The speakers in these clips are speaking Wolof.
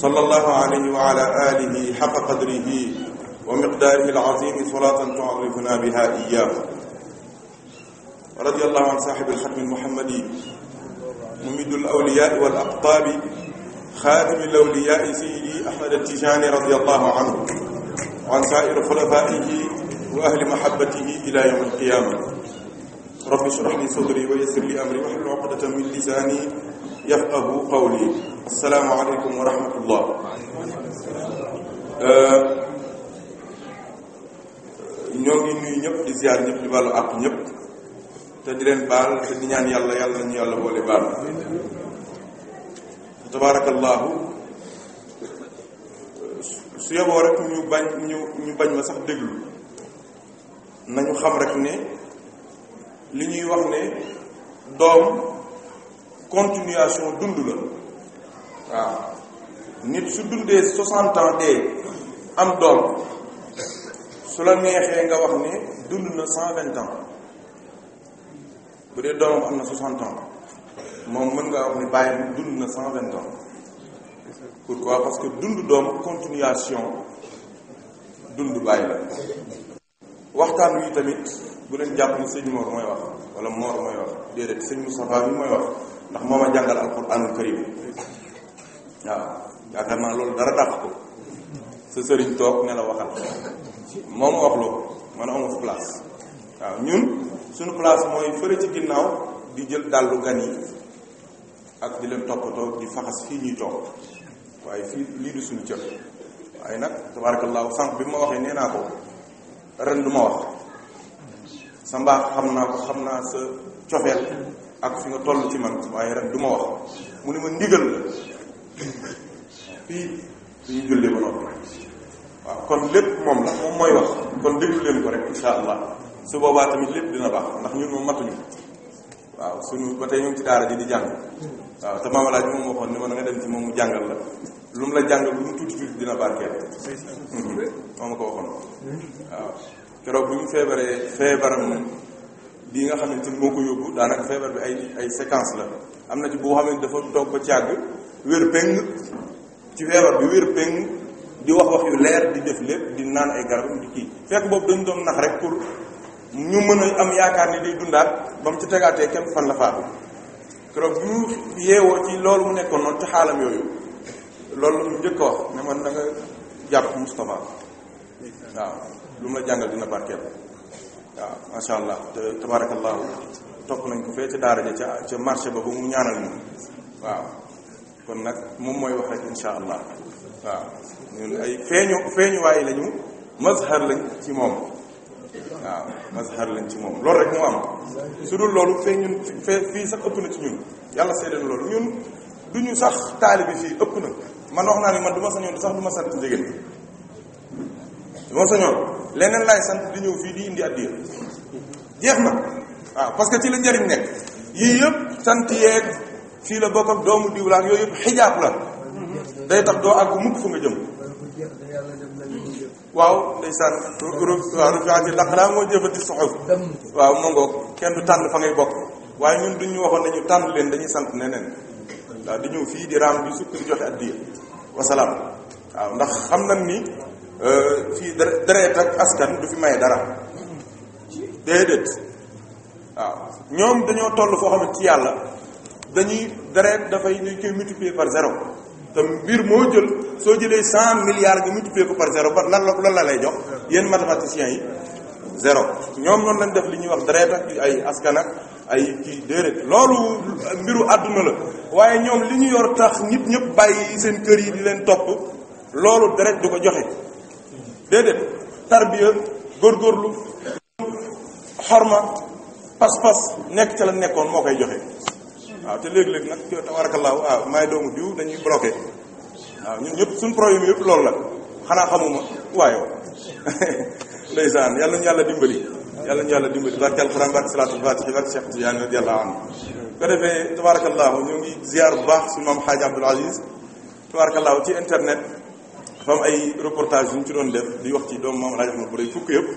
sallallahu alayhi wa ala alihi xaqa qadrihi wa miqdaarihi al-azimi salaatan tu'arrifuna biha iyyaahu radiyallahu an saaxibi al-xatmi al-muhammadi mumiddu al-awliyaa wal aqtaabi xaatimi al-awliyaa sayyidi Ahmad at-Tijaani radiyallahu anhu wa an saa'iri xulafaa'ihi wa ahli mahabbatihi ila yawmi al-qiyaama rabbi shrah li sadri wa yassir li amri wahlul uqdatan min lisaani yafqahu qawli salaamaaleykum wa rahmatullah euh, ñoo ngi nuyu ñëpp di ziar ñëpp di baalu àpp ñëpp te di leen baal te di ñaan yàlla yàlla nañu yàlla boole baal tabaarakallaahu su yoboo rek ñu bañ ñu ñu bañ ma sax déglu nañu xam rek ne li ñuy wax ne doom continuation dund la waaw nit su dundee soixante ans dee am doom su la neexee nga wax ne dund na cent vingt ans bu dee doomam am na soixante ans moom mën ngaa wax ne bàyyam dund na cent vingt ans pourquoi parce que dund doom continuation dund bàyyi la waxtaan wi tamit bu leen jàpp ni sëñ Mor mooy wax wala Mor mooy wax déedéet sëñ Moustapha bi mooy wax ndax moo ma jàngal alquranul karim waaw yaakaar naa loolu dara dàq ko sa sëriñ toog ne la waxal moom wax loo man amu fi place waaw ñun suñu place mooy fële ci ginnaaw di jël dàllu gan yi ak di leen toppatoo di faxas fii ñuy toog waaye fii lii du suñu cër waaye nag tabarakallahu sànq bi ma waxee nee naa ko ren du wax sa mbaax xam naa ko xam naa sa cofeel ak fi nga toll ci man waaye ren du wax mu ne ma ndigal la fii suñu jullee ba waaw kon lépp moom la moom mooy wax kon lépp leen ko rek insha allah su boobaa tamit lépp dina baax ndax ñun moom matuñu waaw suñu ba tey ñu ngi ci daara ji di jàng waaw te maam laaj moom waxoon ni ma na dem ci moom mu jàngal la lu mu la jàngal lu mu tuuti tuuti dina barkeel moom ma ko waxoon waaw keroog bu ñu feebaree feebaram bii nga xamante ni moo ko yóbbu daanaka feebar bi ay ay séquence la am na ci boo xam ne dafa toog ba ci wér péng ci feebar bi wér péng di wax wax yu leer di def lépp di naan ay garabam di kii fekk boobu dañu doon nax rek pour ñu mën a am yaakaar ni day dundaat ba mu ci tegaatee kenn fan la faatu keroog bi yeewoo ci loolu mu nekkoon noonu ci xaalam yooyu loolu la mu njëkk a wax ne man da nga jàpp Moustapha waaw lu mu la jàngal dina barkeel waaw macha allah te tabarakallahu topp nañ ko fee ca daara ja ca ca marché ba ba mu ñaanal ñu waaw kon nag moom mooy wax rek insha allah waaw ñun ay feeñu feeñuwaay lañu mazhar lañ ci moom waaw mazhar lañ ci moom loolu rek moo am su dul loolu fee ñun fee fii sax ëpp na ci ñun yàlla seedeen loolu ñun du ñu sax taalibi fii ëpp na man wax naa ne man du ma sañoon sax du ma sant njëgéen du ma sañoon leneen laay sant di ñëw fii di indi addiya jeex na waaw parce que ci la njëriñ nekk yii yëpp sant yeeg fii la bokk ak doomu diw la ak yooyu yëpp xijaab la day tax doo àgg mukk fu nga jëm waaw ndeysaan waaw rufiat yi laq naa moo waaw mangoo kenn du tànn fa ngay bokk waaye ñun duñu waxoon nañu tànn leen dañuy sant neneen waaw di ñëw fii di raam di sukk di joxe addiya wasalaam waaw ndax xam nañ ni euh, fii deret ak askan du fi may dara déedéet waaw ñoom dañoo toll foo xam ne ci yàlla dañuy deret dafay ñu koy multiplier par zéro te mbir moo jël soo jëlee cent milliards nga multiplier ko par zéro ba lan la lan la lay jox yéen mathématiciens yi zéro ñoom noonu lañ def li ñuy wax deret ak ay askan ak ay kii déedéet loolu mbiru àdduna la waaye ñoom li ñu yor tax nit ñëpp bàyyi seen kër yi di leen topp loolu deret du ko joxe déedéet tarbiya góorgóorlu xorma pas-pas nekk ca la nekkoon moo koy joxe waaw te léeg-léeg nag tabarakallaahu may maay doomu diw dañuy bloqué waaw ñun ñëpp suñ problème yëpp loolu la xanaa xamuma waayo ndeysaan yàlla ñu yàlla dimbali yàlla ñu yàlla dimbali barke alxuraan barke salaatul faatihi barke Cheikh Tidiane radiyallahu anhu ko defee tabarakallaahu ñu ngi bu baax suñu moom xaaji Abdul Aziz tabarakallaahu ci internet dafa ay reportage yu ñu ci doon def di wax ci doomu maam El Hadj Omar Boury fukk yëpp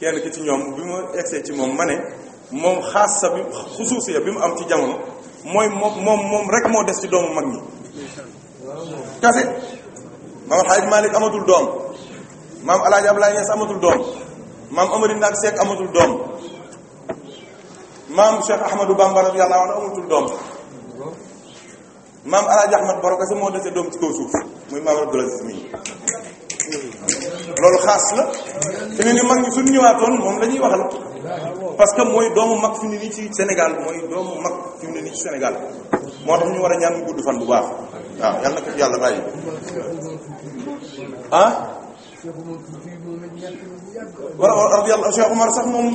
kenn ki ci ñoom bi ma egsee ci moom ma ne moom xaas sa bi xusuusiya bi mu am ci jamono mooy moom moom moom rek moo des ci doomu mag ñi kase maam Alxaaj Maalik amatul doom maam Alaaji Ablaay Ñas amatul doom maam Amari Ndaak Seck amatul doom maam Cheikh Ahmadou Bamba radiyallahu anhu amatul doom maam Alaaji Ahmad Boro kese moo dese doom ci kaw suuf muy maam Abdul Aziz mii loolu xaas la te ne ni mag ñi suñu ñëwaatoon moom la ñuy waxal parce que mooy doomu mag fi nii ci Sénégal mooy doomu mag fi mu ne moo tax ñu war a ñaan mu gudd fan bu baax waaw yàlla na ko yàlla bàyyi ah wala radiallah Cheikh Omar sax moom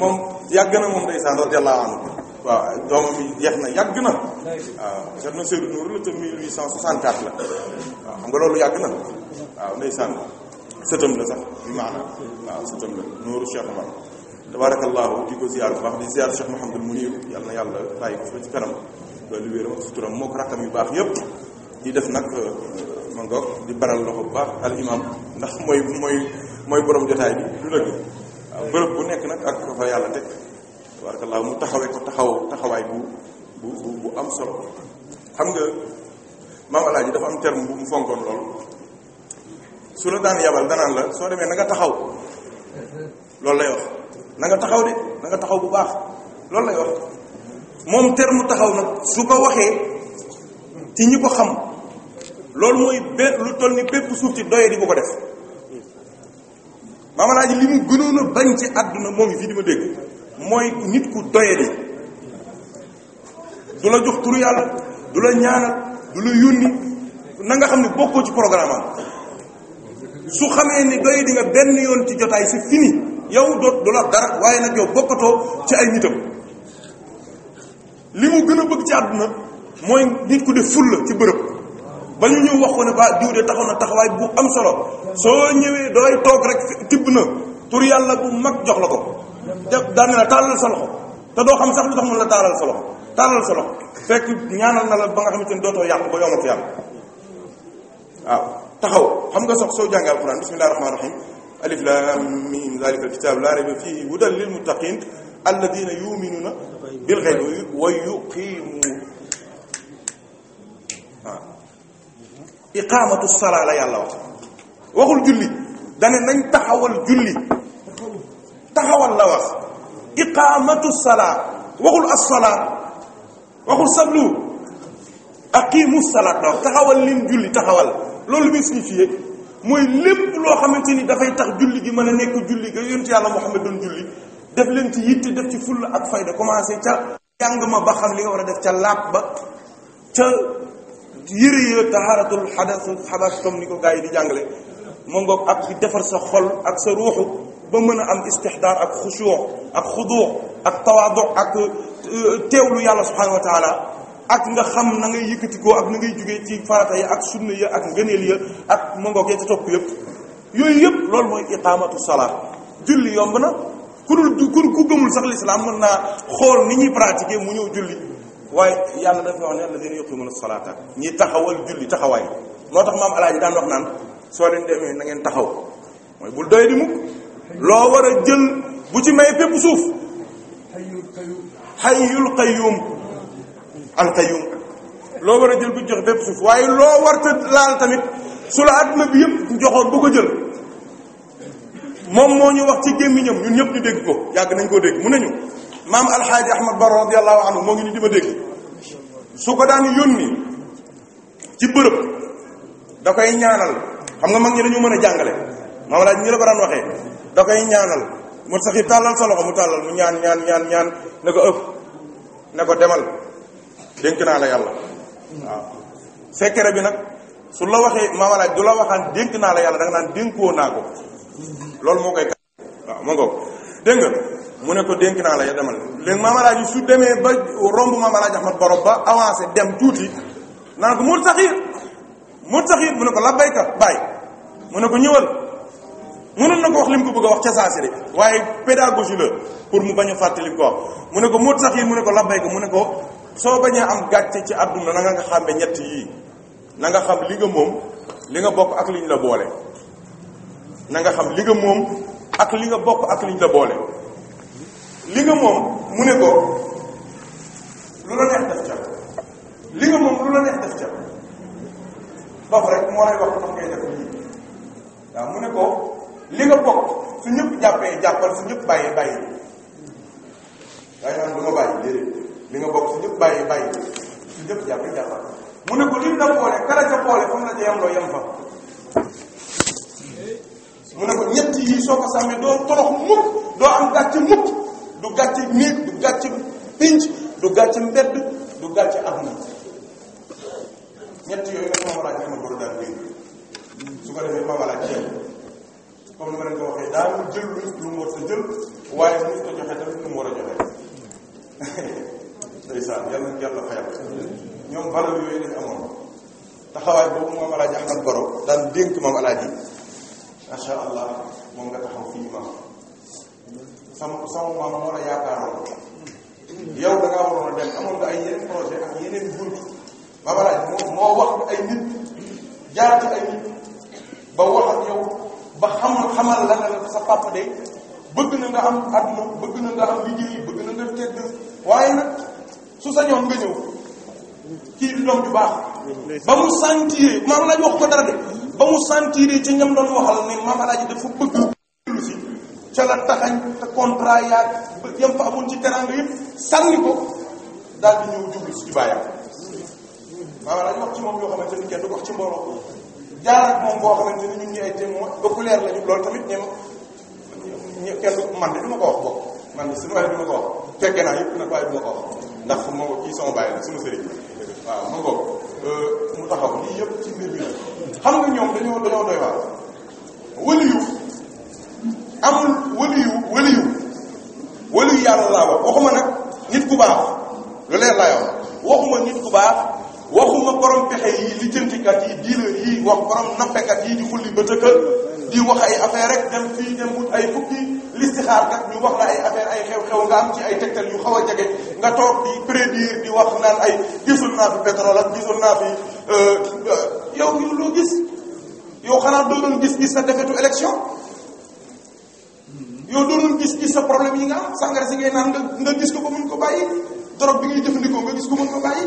moom yàgg na moom ndeysaan radiallahu anhu waaw doomam yi jeex na yàgg na waaw Cerno Seydou Nour la te 1864 la waaw xam nga loolu yàgg na waaw ndeysaan sëtam la sax bi maanaam waaw sëtam la Nour Cheikh mu tabarakallahu di ko ziar bu na yàlla bàyyi ko fa ci kanam loolu wéeram moo ko rakkam yu baax yépp di def nag euh, ma di baral loxo bu baax al imam ndax mooy mooy mooy borom jotaay bi du dëgg waaw bërëb bu nekk nag ak fa yàlla teg tabarakallah mu taxawee ko taxaw taxawaay bu bu bu am solo xam nga maam alaaji dafa am terme bu mu fonkoon loolu su la daan yabal danaan la soo demee na nga taxaw loolu lay wax na taxaw de na nga taxaw bu baax loolu lay wax moom mu taxaw nag su ko waxee ci ñi ko xam loolu mooy bé lu toll ni bépp suuf ci doye di bu ko def maam alaaji li mu gënoon a bañ ci àdduna moom yi fii di ma dégg mooy nit ku doyadi du la jox turu yàlla du la ñaanal du la yónni na nga xam ne bokkoo ci programme am su xamee ni doyadi nga benn yoon ci jotaay c'est fini yow doot du la dara waaye nag yow bokkatoo ci ay nitam li mu gën a bëgg ci àdduna mooy nit ku def fulla ci bërëb ba ñu ñëw wax ko ne ba diw de taxaw na taxawaay bu am solo soo ñëwee dooy toog rek tibb na tur yàlla bu mag jox la ko daan na la taalal sa te doo xam sax lu la taalal sa loxo taalal sa loxo fekk ñaanal na la ba nga xamante ni dootoo yàqu ba yomal ko yàlla waaw xam nga sax soo jàngee alquran bismillahi rahmaani rahim alif lam mim zalika alkitab la rayba fihi hudan lil muttaqin alladina yuminuna bil ghaybi wa yuqimun waaw iqamatu sala la yàlla wax waxul julli dane nañ taxawal julli taxawal la wax iqamatu salaa waxul assalaa waxul sallu aqimu salaat la wax taxawal leen julli taxawal loolu bi signifié mooy lépp loo xamante ni dafay tax julli gi mën a nekk julli ga yonent yàlla Muhammad doon julli def leen ci yitte def ci fulla ak fayda commencé ca jàng ma ba li war a def ca laab ba ca yëre ya tahaaratul xadas xabas ni ko gars yi di jàngale moo ngoog ak defar sa xol ak sa ruuxu ba mën a am istixdaar ak xushuu ak xuduu ak tawaadu ak euh, teewlu yàlla subhanahu wa ak nga xam na ngay yëkkatikoo ak na ngay jugee ci farata yi ak sunna yi ak ngëneel ya ak mangoog ya ca topp yëpp yooyu yëpp loolu mooy iqaamatu salaat julli yomb na ku dul ku gëmul sax lislaam mën naa xool ni ñuy pratiquer mu ñëw julli waaye yàlla dafa wax ne alladina yuqimuna salaata ñi taxawal julli taxawaay moo tax maam alaaji daan wax naan soo leen demee na ngeen taxaw mooy bul doy di mukk loo war a jël bu ci may bépp suuf xayyul qayyum alqayyum loo war a jël bu ci jox bépp suuf waaye loo warta laal tamit su la àdduna bi yëpp joxoon bu ko jël moom moo ñu wax ci gémmiñam ñun ñëpp ñu dégg ko yàgg nañ koo dégg mun nañu maam alxaaji ahmad baro radiallahu anhu moo ngi ni di ma dégg su ko daan yónni ci bërëb da koy ñaanal xam nga mag ñi dañu mën a jàngale maam alxaaji ñu la ko daan waxee da koy ñaanal moo sax yi tàllal sa loxo mu tàllal mu ñaan ñaan ñaan ñaan ne ko ëpp ne ko demal dénk naa la yàlla waaw secret bi nag su la waxee maamalaaj du la waxaan dénk naa la yàlla da nga naan dénkoo naa ko loolu moo koy waaw moo ko dégg mu ne ko dénk naa la ya demal léegi maamalaaj yi su demee ba romb maamalaaj Ahmad Borom ba avancé dem tuuti naan ko mut saxiir mut saxiir mu ne ko labbayka bàyyi mu ne ko ñëwal mënoon na ko wax li mu ko bëgg a wax ca saasi rek waaye si la pour mu bañ a fàttali ko mu ne ko moo tax yi mu ne ko labbay ko mu ne ko soo bañee am gàcce ci àdduna na nga xàmme ñett yii na nga xam li nga li nga bokk ak liñ la boole na nga xam li nga moom ak li nga bokk ak liñ la boole li nga moom mu ne ko lu la neex def ca li nga moom lu la neex def ca boobu rek moo mu ne ko li nga bokk su ñëpp jàppee jàppal su ñëpp bàyyee bàyyi li nga bokk su ñëpp bàyyee bàyyi su ñëpp jàppee jàppal mu ne ko li nga boole kala ca boole fa mu la loo yem fa mu ne ko ñett yi soo ko sàmmee doo torox mukk doo am gàcce mukk du gàcce néeg du gàcce pinc du gàcce mbedd du gàcce adduna ñett yooyu nga sama ma walaaj ceeb comme ni ma leen ko waxee daawul jël lu war sa jël waaye mu ko joxe tamit lu war a joxe ndeysaan yàlla yàlla fayal ñoom valeur yooyu lañ amoon taxawaay boobu moom alaaji Ahmad Baro daan dénk moom alaaji sama sama maam moo la yaakaaroon yow da ngaa waroon a dem amoon nga ay yeneen projet ak yeneen bunt maam alaaji moo moo wax ay nit jaar ay nit ba wax ak yow ba xamal xamal la ne sa papa de bëgg na nga am àdduna bëgg na nga am liggéey bëgg na nga tedd waaye nag su sañoon nga ñëw kii di doom ju baax ba mu sentir maam laaj wax ko dara de ba mu sentir ci ñam doon waxal ne maam laaj dafa bëgg lu si ca la taxañ te yam fa amoon ci teranga yëpp sànni ko daal di ñëw jublu si ci bàyyam wax ci moom yoo xamante ni kenn du ko wax ci mbooloo jaar ak moom boo xamante ni ñun ñu ay témoin ba ku leer lañu loolu tamit ñoom ñu kenn man de du ma ko man de suñu waaye du ma ko wax fekke naa yëpp nag ma ko wax ndax moo kii sama bàyyi la sunu euh, bi xam nga ñoom dañoo dañoo doy waar amul waliyu waliyu waliyu yàlla laa wax waxuma nag nit ku baax lu leer laa wax waxuma nit ku baax waxuma borom pexe yi lijjantikat yi dealer yi wax borom nappekat yi di xulli ba dëkkal di wax ay affaire rek dem fii dem wut ay fukki listixaarkat ñu wax la ay affaire ay xew-xew nga am ci ay tegtal yu xaw a jege nga toog di prédire di wax naan ay gisul naa fi pétrole gisul naa fi euh, yow yow loo gis yow xanaa doo doon gis-gis sa defetu élection yow doo doon gis-gis sa problème yi nga am sàngara si ngay naan nga nga gis ko ba mun ko bàyyi drogue bi ngay jëfandikoo nga gis ko mun ko bàyyi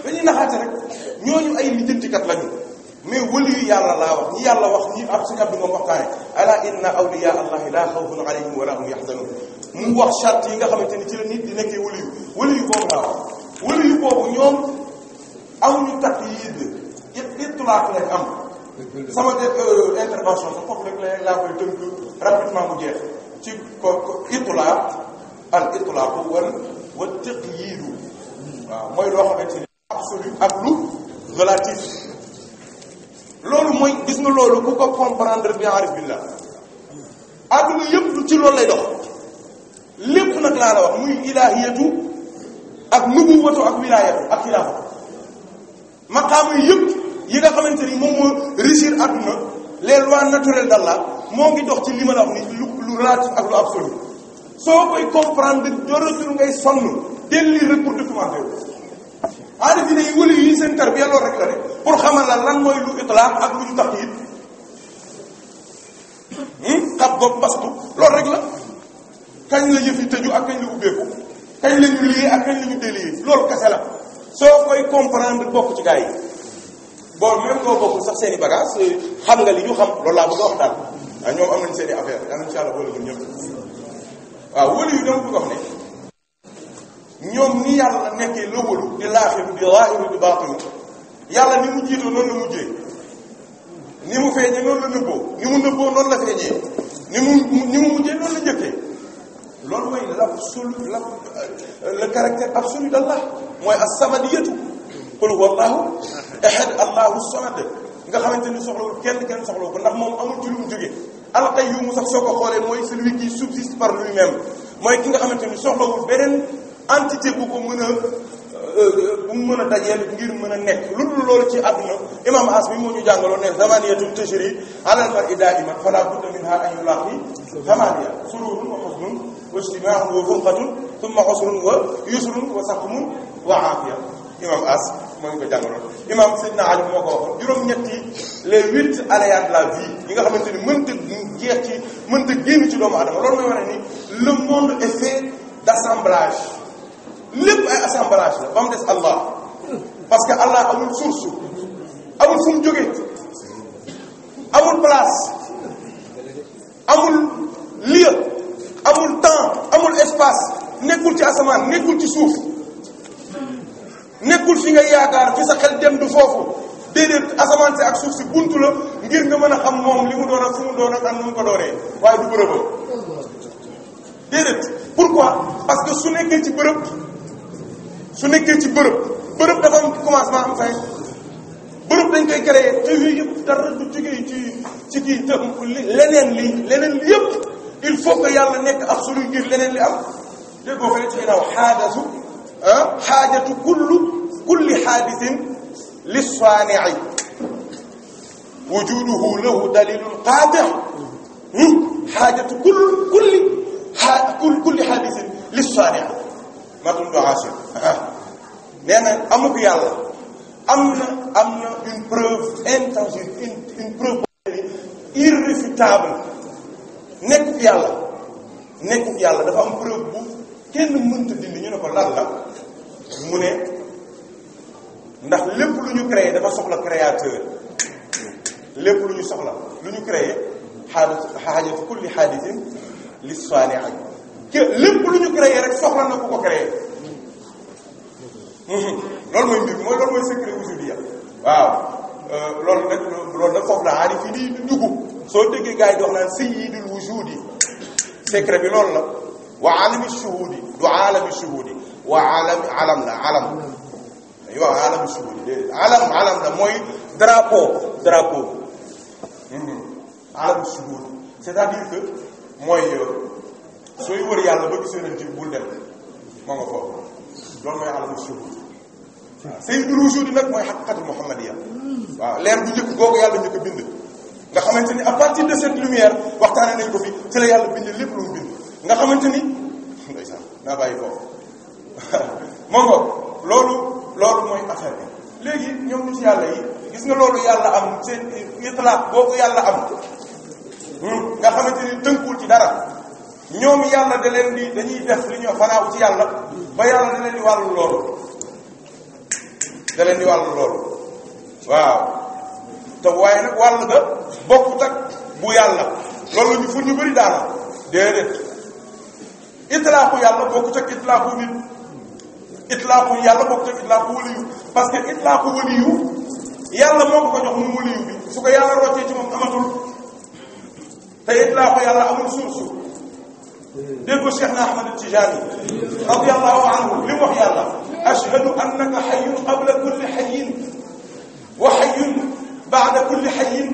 dañuy naxaate rek ñooñu ay lijjantikat lañu mais wëli yu yàlla laa wax ñi yàlla wax ñi ab sikat bi moom waxtaane ala inna awliya allahi la xawfun alayhim wala hum yaxzanun mu wax charte yi nga xamante ni ci la nit di nekkee wëli yu wëli yu boobu laa wax wëli yu boobu ñoom amuñu taqyid itlaaq lañ am sama euh, intervention sax foofu rek la laa koy tënk rapidement mu jeex ci ko al itlaaq wal wa taqyiidu waaw mooy loo xamante ni absolu ak lu relatif loolu mooy gis nga loolu ku comprendre bi arif billah adduna yëpp ci loolu lay dox lépp nag laa la wax muy ilahiyatu ak nubuwatu ak wilayatu ak xilaafa maqaama yëpp yi nga xamante ni moom moo régir adduna les lois naturelles d'Allah moo ngi dox ci li ma la wax ni lu lu relatif ak lu absolu soo koy comprendre dooratul ngay sonn delli recours documenté aarifina yi wëli yi seen tarbiya loolu rek la rek pour xamal la lan mooy lu itlaaq ak lu ñu tax it hmm? xab boobu bastu loolu rek la kañ la yëf yi tëju ak kañ la ubbeeku kañ la ñu liyee ak loolu kese la soo koy comprendre bokk ci gars yi bon même koo bokkul sax eh, xam nga li ñu xam a wax daal ah, waaw nañ seen affaire yàlla ne ñoom ni yàlla nekkee lëwalu di laaxiru di laaxiru di baatinu yàlla ni mu jiitoo noonu la mujjee ni mu feeñee noonu la nëbboo ni mu nëbboo noonu la feeñee ni mu ni mu mujjee noonu la njëkkee loolu mooy l'absolu la euh, le caractère absolu d'Allah mooy as-samadiyatu qul huwa Allahu ahad Allahu nga xamante ni soxlawul kenn kenn soxlawu ko ndax moom amul ci lu mu sax soo ko xoolee mooy celui qui subsiste par lui-même mooy ki nga xamante ni soxlawul beneen entité bu ko mën a euh, bu mu mën a dajeel ngir mën a nekk lu dul loolu ci àdduna imam as mi moo ñu jàngaloon ne zamaniyatun tajri ala al-mar'i da'iman fala budda minha an yulaqi zamaniya sururun wa husnun wa ijtima'un wa wa ko jàngaloon imam Seydina Ali moo ko waxoon juróom-ñetti les huit la vie yi nga xamante ni mënta jeex ci mënta génn ci doomu adama loolu mooy wane ni le monde est d'assemblage lépp ay assemblage la des Allah parce que Allah amul source amul fu mu jógee amul place amul lieu amul temps amul espace nekkul ci asamaan nekkul ci suuf nekkul fi nga yaakaar fi sa xel dem du foofu déedéet asamaan si ak suuf si buntu la ngir nga mën a xam moom li mu doon fu mu doon ak ak mu ko dooree waaye du bërëbam déedéet pourquoi parce que su nekkee ci bërëb su nekkee ci bërëb bërëb dafa am commencement am fin bërëb dañ koy créer te yooyu yëpp dara du jógee ci ci kii te leneen lii leneen li yëpp il faut que yàlla nekk absolu ngir leneen li am déggoo ko ne ci ginnaaw xaadasu ah xaajatu kullu kulli xaadisin li saanii wujuduhu lahu dalilun qaatix hmm, xaajatu kulli kulli xaadisin li saanii matul du Hachim nee na yàlla am na am na une preuve intangible une une preuve irréfutable nekk yàlla nekk yàlla dafa am preuve bu kenn mënta dindi ñu ne ko lan la mu ne ndax lépp lu ñu créé dafa soxla créateur lépp lu ñu soxla lu ñu créé xaajatu xaajatu kulli xaadisin li saani ak que lépp lu ñu créé rek soxla na ku ko créé loolu mooy mbir mooy loolu mooy secret usubiya waaw euh, loolu nag loolu nag foofu la aarif soo déggee gars yi di wax naan sayyidul wujudi bi loolu la wa alami shuhudi du alami shuhudi wa alam alam la alam dañuy wax alami c'est-à-dire que mooy euh, sooy wër yàlla ba gis yonent bi bul dem moo nga foofu loolu mooy alamu suhud waaw say duru suudi nag mooy xaqiqatu muhammadiya waaw leer bu njëkk yàlla njëkk a bind nga xamante ni à partir de cette lumière waxtaane nañ ko fi ci la yàlla bind nga xamante ni ndeysaan naa bàyyi foofu moo mooy affaire léegi ñoom yàlla gis nga loolu yàlla am seen itlaaq boobu yàlla am nga xamante ni tënkul ci dara ñoom yàlla da leen di dañuy def li ñoo fanaaw ci yàlla ba yàlla da leen di wàllu loolu da leen di wàllu loolu waaw te waaye nag wàll nga bokkut ak bu yàlla loolu ñu fu ñu bëri daana déedéet itlaaku yàlla bokkut ak itlaaku nit itlaaku yàlla bokkut ak itlaaku waliyu parce que itlaaku waliyu yàlla moo ko jox mu waliyu bi su ko yàlla roccee ci moom amatul te itlaaku yàlla amul source dégg ko Cheikh na Ahmad Tijaani radiyallahu anhu li mu wax yàlla ashhadu annaka hayyun qabla kulli hayyin wa hayyun ba'da kulli hayyin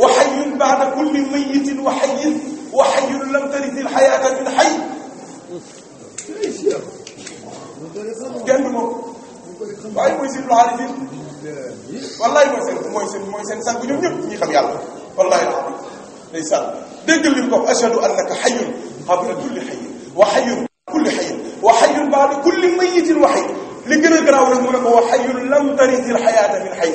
wa hayyun ba'da kulli mayyitin wa hayyin wa hayyun lam tarith al-hayaata min hayy kenn moom waaye mooy seen aarifin wallahi mooy seen mooy seen mooy seen sànq ñoom ñëpp ñi xam yàlla wallahi alhamdulilah day sànq déggal li mu ko ashhadu annaka hayyun xabla kulli xayin wa xayun kulli xayin wa xayun baada kulli mayitin wa xay li gën a garaaw rek mu ne ko wa xayun lam taritil xayaata min xay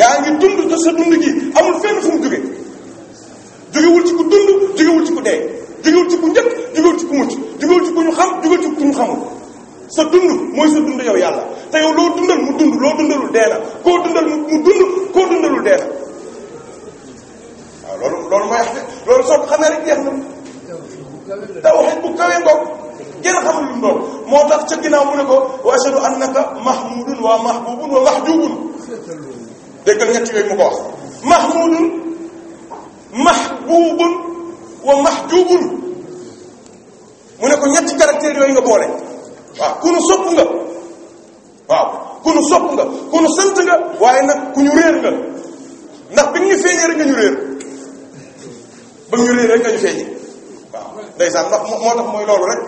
yaa ngi dund te sa dund gi amul fenn fu mu jóge jógewul ci ku dund jógewul ci ku dee jógewul ci ku njëkk jógewul ci ku mucc jógewul ci ku ñu xam jógewul ci ku ñu xamul sa dund mooy sa dund yow yàlla te yow loo dundal mu dund loo dundalul dee na koo dundal mu dund koo dundalul dee na waaw loolu loolu mooy loolu soo ko xamee rek jeex na tawhid bu kawe ngoog gën a xamul lu moo tax ca ginnaaw mu ne ko wa ashhadu annaka mahmudun wa mahbubun ko wax mahmudun mahbubun wa mahjubun mu ne ko ñetti caractère yooyu nga boole waaw ku nu sopp nga waaw ku nu sopp nga ku nu waaye nag ku ñu réer nga ndax bi nga ñu nga ñu réer ba ñu réer rek nga ñu feeñee waaw ndeysaan ndax moo tax mooy loolu rek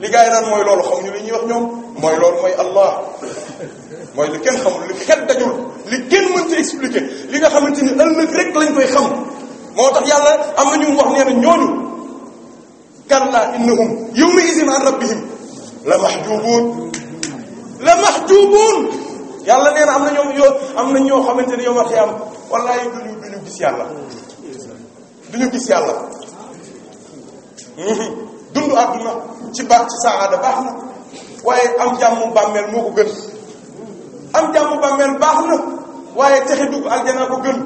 li gars yi naan mooy loolu xamuñu ñu lañuy wax ñoom mooy loolu mooy Allah mooy li kenn xamul li kenn dajul li kenn mënta expliquer li nga xamante ni ëllëg lañ koy xam moo tax yàlla am na ñu wax nee na ñooñu kalla innahum yawma izin an rabbihim la mahjubuun la mahjubuun yàlla nee na am na ñoom yoo am na ñoo xamante ni yow wax am wallaay duñu duñu gis yàlla du ñu gis yàlla dund àdduna ci baax ci saada baax na waaye am jàmm bàmmeel moo ko gën am jàmm bàmmeel baax na waaye texe dugg aljana ko gën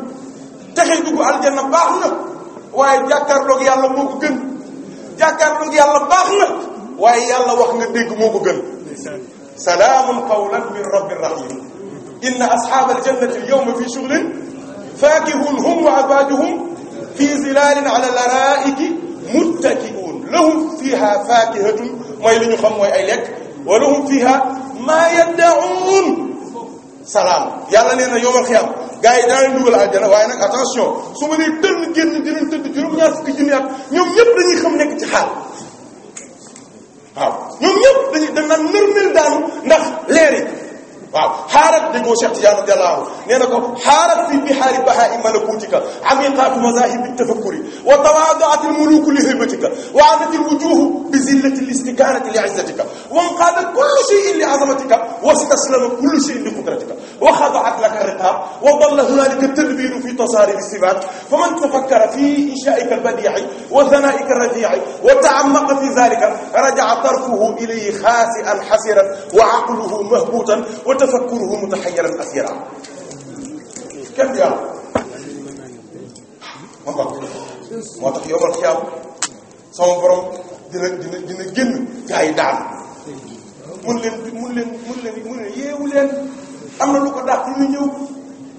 texe dugg aljana baax na waaye jàkkaarloog yàlla moo ko gën jàkkaarloog yàlla baax na waaye yàlla wax nga dégg moo ko gën salaamun qawlan min rabbir rahim inna ashaabal jannati al yawma fi shughlin faakihun hum wa azwaajuhum fii zilalin ala laraiki muttakiun lahum fiha fakihatun mooy li xam mooy ay lekk wa lahum fiha maa yaddaun salaam yàlla nee na yowmal xiyam gars yi daaleen dugal aljana waaye attention su ma nee tënn génn dinañ tëdd juróom-ñaar fukki junni at ñoom ñëpp dañuy xam nekk ci xaal waaw ñoom ñëpp dañuy dañ naan nërmel daanu ndax leer waaw xaarat déggoo Cheikh Tidiane radiyallahu anhu nee na ko xaarat fi bihaari bahaai malakutika amiqaatu mazahibi tafakkuri wa tawaadaat almuluku li haybatika wa anat alwujuhu bi zillati listikanati li izzatika wa nqaada kullu cheyin li azamatika wa staslama kullu cheyin li qudratika wa xadaat laka riqaab wa dalla hunalika tadbiru fi tasaarifi sifaat faman tafakkara fi inshaaika albadii wa thanaaika alradii wa taamaqa fi dalika rajaca tarkuhu ilayhi xaasian xasiran wa aqluhu mahbuutan tafakkuruhu mutahayyaran asiran kenn du yàlla moo tax moo tax yomal xiyaam sama borom dina dina dina génn jaay daan mun leen mun leen mun leen mun leen yeewu leen am na lu ko daax ñu ñëw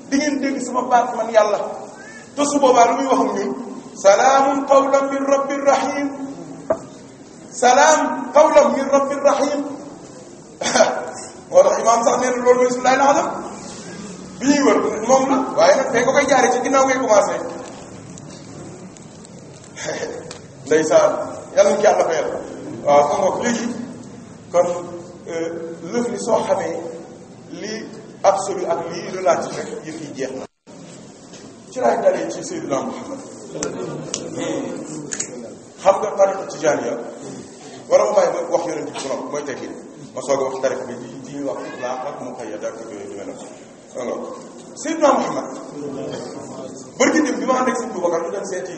di ngeen dégg sama baat man yàlla te su boobaa lu muy wax ak ñun salaamun qawlan min rabbir rahim salaam qawlan min rabbir rahim moo tax imaam sax nee na loolu mooy suñu laaj moom la waaye nag fee ko koy jaaree ci ginnaaw ngay commencé ndeysaan yàlla nañu ci yàlla fayal waaw xam nga léegi kon euh, lëf li soo xamee lii absolu ak lii relatif rek yëf yi jeex na. ci laay dalee ci Seydina Muhammad xam nga tariqa tijaaniya wala ma bàyyi ma wax yonent bi borom mooy tekki ma soog a wax tariqa bi. yi ñuy wax itlaq ak muqayyad ak yooyu di mel alors Seydina Muhammad bërki dem bi ma ànd ak Seydou Bakar ñu dem seeti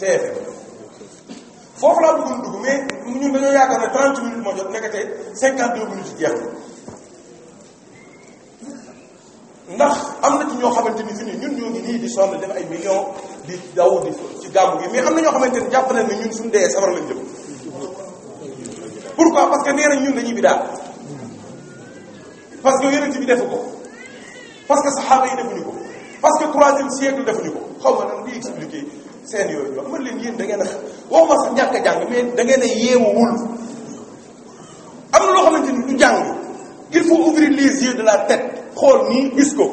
TFM foofu laa bëggoon dugg mais ñun dañoo yaakaar ne 30 minutes moo jot nekk tey 52 minutes ci jeex ndax am na ci ñoo xamante ni fi ni ñun ñoo ngi nii di sonn def ay millions di daw di ci gàmmu gi mais am na ñoo xamante ni jàpp nañ ne ñun suñu dee safara lañ jëm pourquoi parce que nee ñun dañuy bidaa parce que yonent bi defu ko parce que saxaaba yi defuñu ko parce que troisième siècle defuñu ko xaw ma nan di expliquer seen yooyu ñu wax man leen yéen da ngeen a waxuma sax ñàkk jàng mais da ngeen a yeewuwul am na loo xamante ni du jàng il faut de la tête xool nii gis ko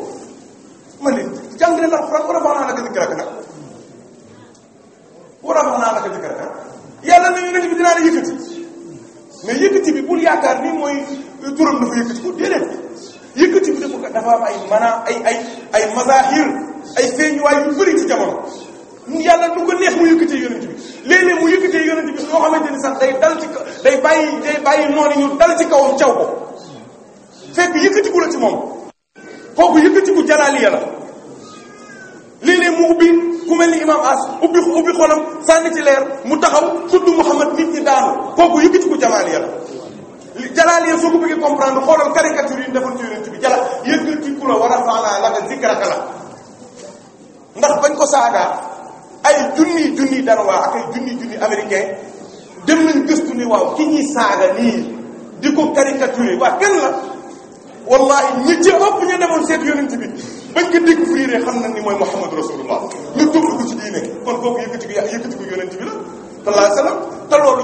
man war a baax naa la ka dikk rek nag war a baax naa la ka dikk rek nag yàlla na yonent bi dinaa la yëkkati mais yëkkati bi bul yaakaar ni mooy turam dafa yëkkati ko déedéet yëkkati bi dafa dafa am ay maanaam ay ay ay ay feeñuwaay yu bëri ci jamono yàlla nu ko neex mu yëkkatee yonent bi léeg-léeg mu yëkkatee yonent bi soo xamante ni sax day dal ci day bàyyi day bàyyi noonu ñu dal ci kawam caw ko fekk ci moom kooku yëkkatiku jalaaliya la léeg-léeg mu ku mel ni imam ci leer mu taxaw tudd Muhammad nit ñi daanu kooku yëkkatiku jamaaliya la jalaal yéen soo ko bëggee comprendre xoolal caricature yi ñu defoon ci yonent bi jala yëngal ci ku la war a faanaa laka zikraka la ndax bañ ko saagaa ay junniy junniy danois a ay junniy junniy américain dem nañ gëstu ni waaw ki ñuy saaga nii di ko caricature waa kenn la wallahi ñi ci ëpp ñu demoon seet yonent bi bañ ko découvrir xam nañ ni mooy Muhammad Rasulullah ñu tudd ko ci diine kon kooku yëkkati ko yëkkati ko yonent bi la sallallahu alayhi wasallam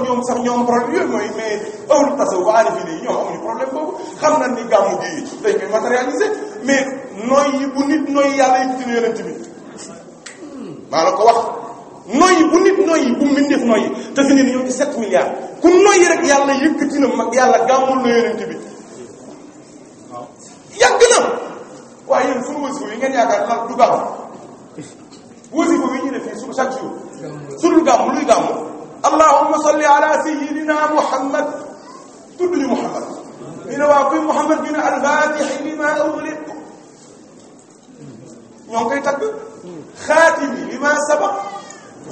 ñoom sax ñoom problème yooyu mooy mais ëwlu tasaw ba arifine yi ñoom amuñu problème boobu xam na ni gàmmu gi dañ koy matérialiser mais noyyi bu nit noyyi yàlla yëkkati na yonent bi maa la ko wax noyyi bu nit noyyi bu mbindeef noyyi te fi ne ni ñoo ci 7 milliards ku noyyi rek yàlla yëkkati na mag yàlla gàmmul na yonent bi yàgg na waaye yéen suñu wasifu yi ngeen yaakaar la du gàmm wasifu yi ñu ne fii chaque jour sudul gàmm luy gàmm allahuma salli ala sayidina muhammad tudduñu muhammad ñu ne waaw kuy muhammad bi ne alfatixi bi ma ugliq ñoo ngi koy tagg xaatimi bi ma sabaq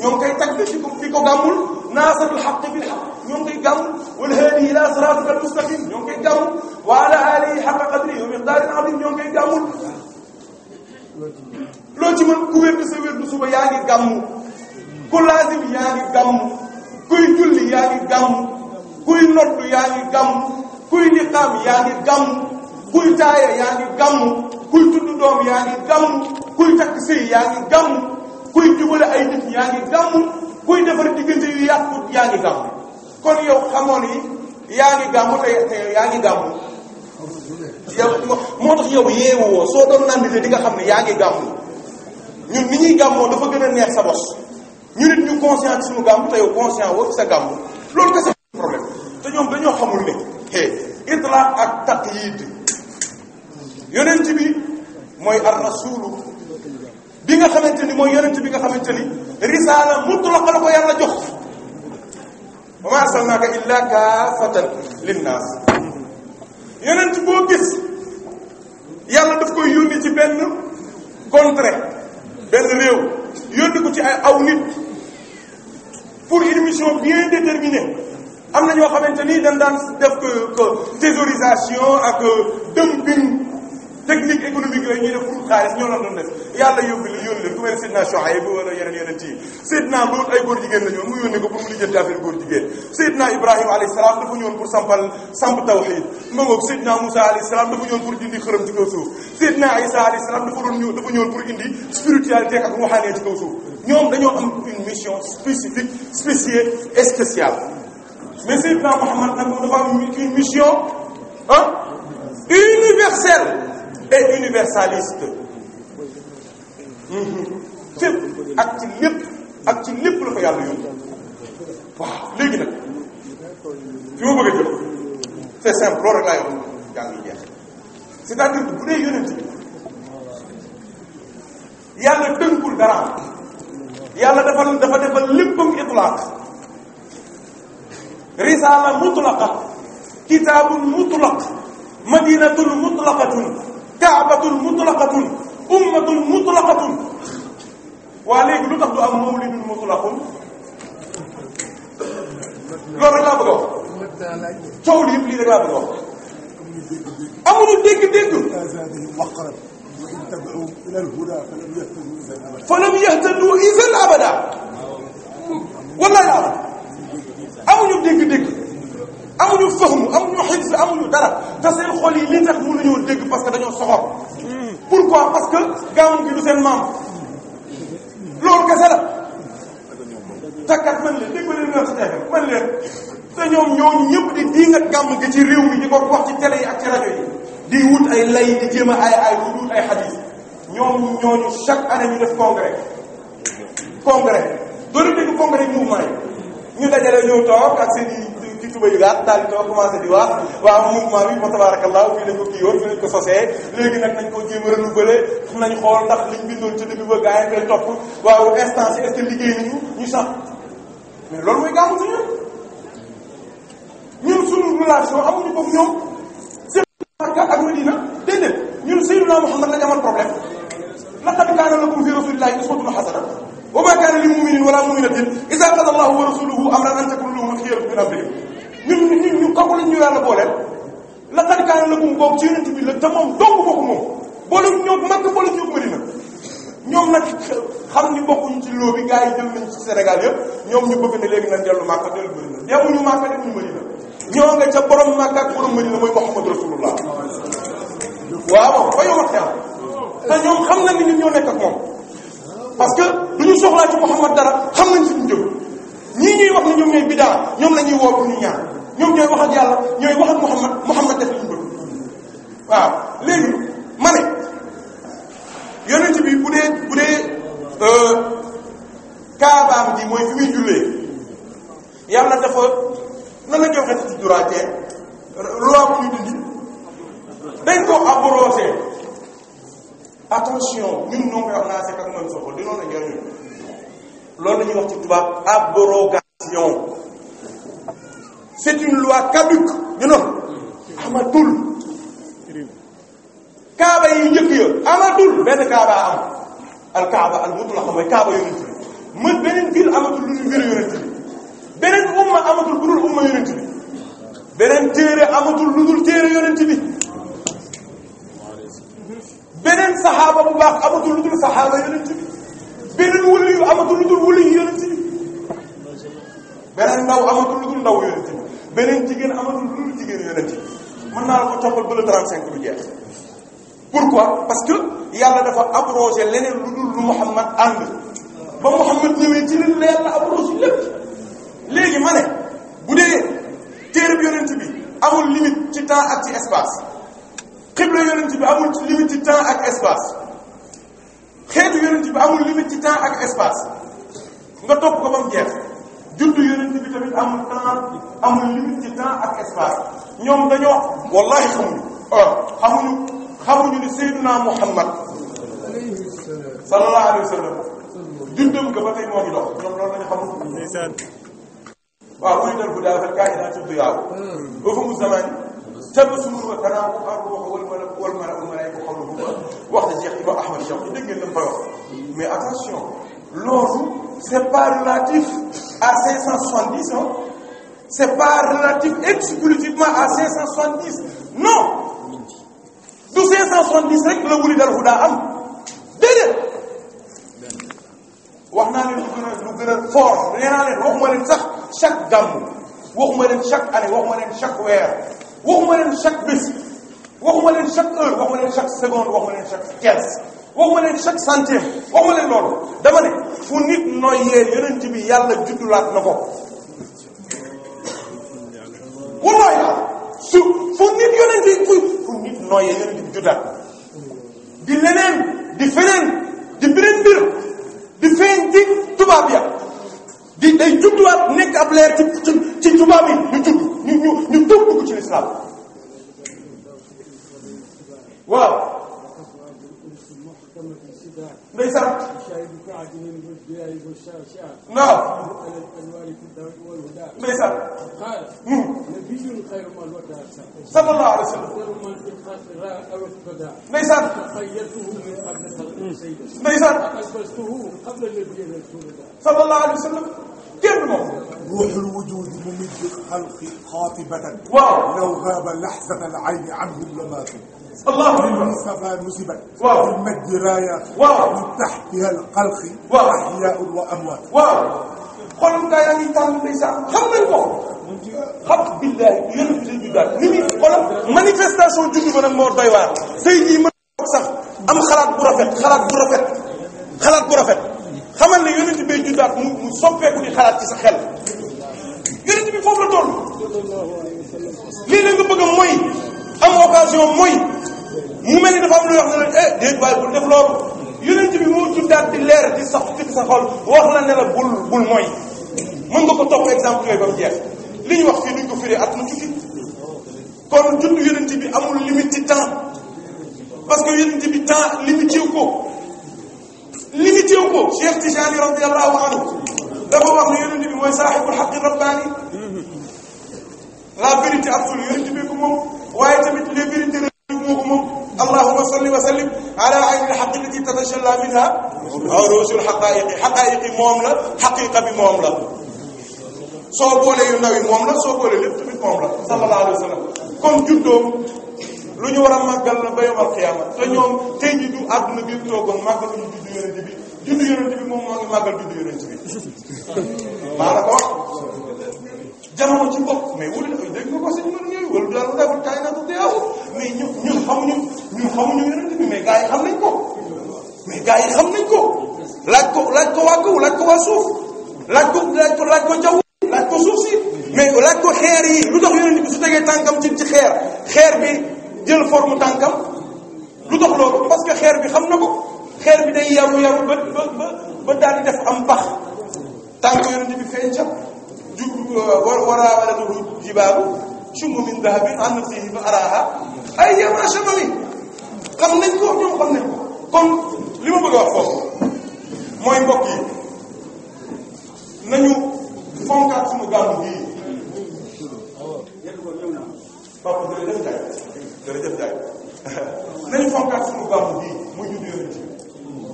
ñoo ngi koy tagg di ko di ko gàmmul naasirul xaq bil xaq ñoo ngi koy gàmmul wal haadi ila siratika al mustaqim ñoo ngi koy gàmmul wa ala alihi xaqa qadri wa miqdaarin adim ñoo ngi koy gàmmul loo ci mën ku wér sa wér du suba yaa ngi gàmmu ku laazim yaa ngi gàmmu kuy julli yaa ngi gàmm kuy noddu yaa ngi gàmm kuy niqaam yaa ngi gàmm kuy taaya yaa ngi gàmm kuy tudd doom yaa ngi gàmm kuy takk sëy yaa ngi gàmm kuy jubale ay nit kon yow xamoon yi yaa ngi gàmm te te yaa ngi gàmm yow moo tax yow yeewu woo soo doon naan di nga xam ne yaa ngi gàmm ñun ni ñuy gàmmoo dafa gën a neex sa bos ñu nit ñu conscient ci suñu gàmm te yow conscient woo sa gàmm loolu ko problème te ñoom dañoo xamul ne hey itlaq ak taqyid yonent bi mooy ar bi nga xamante ni mooy yonent bi nga xamante ni risaala mutlaqa la ko yàlla jox wa ma arsalnaaka illa kaafatan linnaas yonent boo gis yàlla daf koy yónni ci benn contrée benn réew yónni ko ci ay aw nit pour une mission bien déterminée am na ñoo xamante ni dañ daan def que que ak euh, dumping technique économique yooyu ñuy def pour ñoo doon doon def yàlla yóbbu la yónni leen ku mel ne Seydina Chouaib wala yeneen yeneen yi Seydina Luut ay góor jigéen la ñoon mu ko pour mu lijjanti a góor jigéen Seydina Ibrahima alayhi salaam dafa ñëwoon pour sampal samp tawhid ma ngoog Seydina Moussa salaam dafa ñëwoon pour dindi xërëm ci kaw suuf Seydina Isa alayhi salaam dafa ñoom dañoo am une mission spécifique spéciale et spéciale mais Seydina Muhammad nag dafa am une mission ah et universaliste fépp mhm. ak ci lépp ak ci lépp la ko yàlla yóbbu waaw léegi nag fi ma bëgg a jël c'est simple loolu rek laa yor yaa ngi c'est-à-dire bu dee yonent bi yàlla tënkul dara yàlla dafa dafa defal léppam itlaaq risaala mutlaqa kitaabun mutlaq madinatun mutlaqatun kaabatun mutlaqatun ummatun mutlaqatun waa léegi lu tax du am mawlidun mutlaqun loolu rek laa bëgg a wax coow li yëpp lii rek laa bëgg a wax amuñu dégg-dégg وإن تدعو إلى الهدى فلم يهتدوا إذا amuñu dégg-dégg amuñu fahmu amuñu xibs amuñu dara te seen xol yi li tax mënuñoo dégg parce que dañoo soxor pourquoi parce que gaamu gi du seen maam loolu kese la takkat man leen dégg leen na si teefe ci réew mi di ko ci télé yi ak ci rajo yi di wut ay lay di jéem a ay ay di wut ay xadis ñoom ñooñu chaque année ñu def congrès congrès doon dégg congrès mouvement yi ñu dajale ñëw toog ak seen i ci tuba yu gaat daal di toog commencé di wax waaw mouvement bi fa tabarakallah fii lañ ko kii woon fii lañ ko sosee léegi nag nañ ko jéem a renouveler nañ xool ndax liñ bindoon ci début ba gars yi topp waaw instance est liggéey nañu ñu sax mais loolu mooy gàmmu si ñun ñun suñu relation amuñu ko ñoom Makka ak Madina déedéet ñun Seydina Muhammad lañ amal problème laqad kaana lakum fi rasulillahi uswatun hasana wa ma kaana lil mu'minin wala mu'minatin idha qada Allahu wa rasuluhu amran an takuna lahumul khiyaratu min amrihim ñun ñun ñu kooku lañ ñu yàlla booleel laqad kaana lakum la te moom dong bokk moom boole ñoo Makka boole ñoo Madina ñoom nag xam ni bokkuñ ci loo bi gars yi jël nañ ci Sénégal yëpp ñoom ñu bëgg ne léegi nañ dellu Makka dellu Madina demuñu Makka demuñu Madina ñoo nga ca borom Makka ak borom Madina mooy Muhammad Rasulullah waaw fa yow xel te ñoom xam nañ ni ñoo nekk moom parce que du ñu soxlaa ci Muhammad dara xam nañ fi ñu jëm ñii ñuy wax ne ñoom ñooy ñoom la ñuy woo pour ñu ñaan ñoom ñooy wax ak yàlla ñooy wax ak Muhammad Muhammad def li ñu waaw léegi ma ne yonent bi bu dee bu dee euh, kaabaam ji mooy fi muy jullee yàlla dafa. nan la ñu waxee ci tudduraatee loi bu ñu dindi dañ ko abrogé attention ñun ñoo koy wax naa sekk ak man soxla di noonu la jëriñu loolu la ñuy wax ci tubaab abrogation c'est une loi caduque ñu noonu amatul kaaba yi njëkk ya amatul benn kaaba am al kaaba al mutlaq mooy kaaba yonent bi mën beneen biir amatul lu ñu wér yonent bi beneen umma amatul budul umma yonent bi beneen téere amatul ludul téere yonent bi beneen saxaaba bu baax amatul ludul saxaaba yonent bi beneen waliyu amatul ludul waliyu yonent bi beneen ndaw amatul ludul ndaw yonent bi beneen jigéen ama ludul jigéen yonent bi mën naa la ko toppal ba le 35 jeex pourquoi parce que yàlla dafa abrogé leneen ludul lu Muhammad ànd ba Muhammad ñëwee ci li leer la abrogé lépp. léegi mane bu dee téere bi yonent bi amul limite ci temps ak ci espace xibla yonent bi amul limite ci temps ak espace xeetu bi amul limite ci temps ak espace nga topp ko ba mu jeex juddu yonent bi tamit amul temps amul limite ci temps ak espace ñoom dañoo wallahi xamuñu euh, xamuñu xamuñu ni Seydina Muhammad sallallahu alayhi wa sallam dundam nga ba tey moo ngi dox ñoom loolu lañu xamul وأريد الهدى فالكائنات ضياء وهم الزمان تبسمون وتنام الروح والملك والملك والملائكة حولهما وقت الشيخ إبا أحمد الشيخ دنجل لم فيوخ mais attention loolu c'est pas relatif à 570 hein c'est pas relatif exclusivement à 570 non du 570 rek la wuli dal fu daa am déedéet wax naa leen lu gën a lu gën a fort nee naa leen waxuma leen sax chaque gàmmu waxuma leen chaque année waxuma leen chaque weer waxuma leen chaque bés waxuma leen chaque heure waxuma leen chaque seconde waxuma leen chaque quinze waxuma leen chaque centième waxuma leen loolu dama ne fu nit noyyee yonent bi yàlla juddulaat na ko wallaay la su fu nit yonent bi fu di leneen di feneen di beneen mbir di feeñ ci tubaab ya di day judduwaat nekk ab leer ci ci ci jumaam yi ñu judd ñu ñu ñu tuub dugg ci lislaam waaw ndeysaan waaw ndeysaan hmm. sallallahu alayhi wasallam ndeysaan hmm. ndeysaan sallallahu alayhi wasallam génn moom. ruuxul wujuud mumiddi xalqi xaatibatan. waaw law gaaba laxzata al-ayni anhum lamaatu. allahu akbar mustapha musibat. waaw fi majdi raayaat. waaw min taxtiha al-xalqi. waaw axyaa'un wa amwaat. waaw. xool nga yaa ngi tànn day sax xam nañ ko. xam billahi yéen bi ñu daal ni muy xoolal manifestation junj ba nag moo doy waar. sëy bii mën sax am xalaat bu rafet xalaat bu rafet xalaat bu rafet. xamal ne yonent bay juddaat mu mu soppeeku di xalaat ci sa xel yonent bi foofu la toll lii la nga bëgg mooy am occasion mooy mu mel ni dafa am lu wax ne la eh bul sax sa xol wax la ne la bul mooy mën nga ko topp exemple ba mu jeex li ñu wax fii duñ ko firee at mu tukki kon juddu yonent bi amul limite ci temps parce que yonent bi temps limité wu ko limité wu ko Cheikh Tijani radiyallahu anhu dafa wax ne yonent bi mooy saaxibul xaqi rabbaani la vérité absolue yonent bi ko moom waaye tamit les vérités religieuses moo ko moom allahumma salli wa sallim ala ayni alxaqi allati tatashalla minha arusul xaqaiqi xaqaiqi moom la xaqiqa bi moom la soo boole yu ndaw yi moom la soo boole lépp tamit moom la sallallahu alayhi wa sallam kon juddoom lu ñu war a màggal la ba yomal xiyaama te ñoom tey ji du àdduna bi toogoon màggaluñu juddu yonent bi juddu yonent bi moom moo màggal juddu yonent bi mais wala yi xam nañ ko mais gars yi xam nañ ko laaj ko laaj ko waa kaw laaj ko waa suuf laaj ko laaj ko laaj ko jaww laaj ko suuf si mais laaj ko xeer yi lu tax yonent bi su tegee tànkam ci ci xeer xeer bi jël forme tànkam lu tax loolu parce que xeer bi xam na ko xeer bi day yaru yaru ba ba di def am pax tànk yonent bi feeñ ca ju war war a war a jibaaru shumbu min dahabin an nafsihi fa araha ay yama shamawi xam nañ ko ñoom xam nañ ko kon li ma bëgg a foofu mooy mbokk yi nañu fonkaat suñu gàmmu gii. Papa jërëjëf Ndiaye nañu fonkaat suñu gàmmu bii muy juddu yonent bi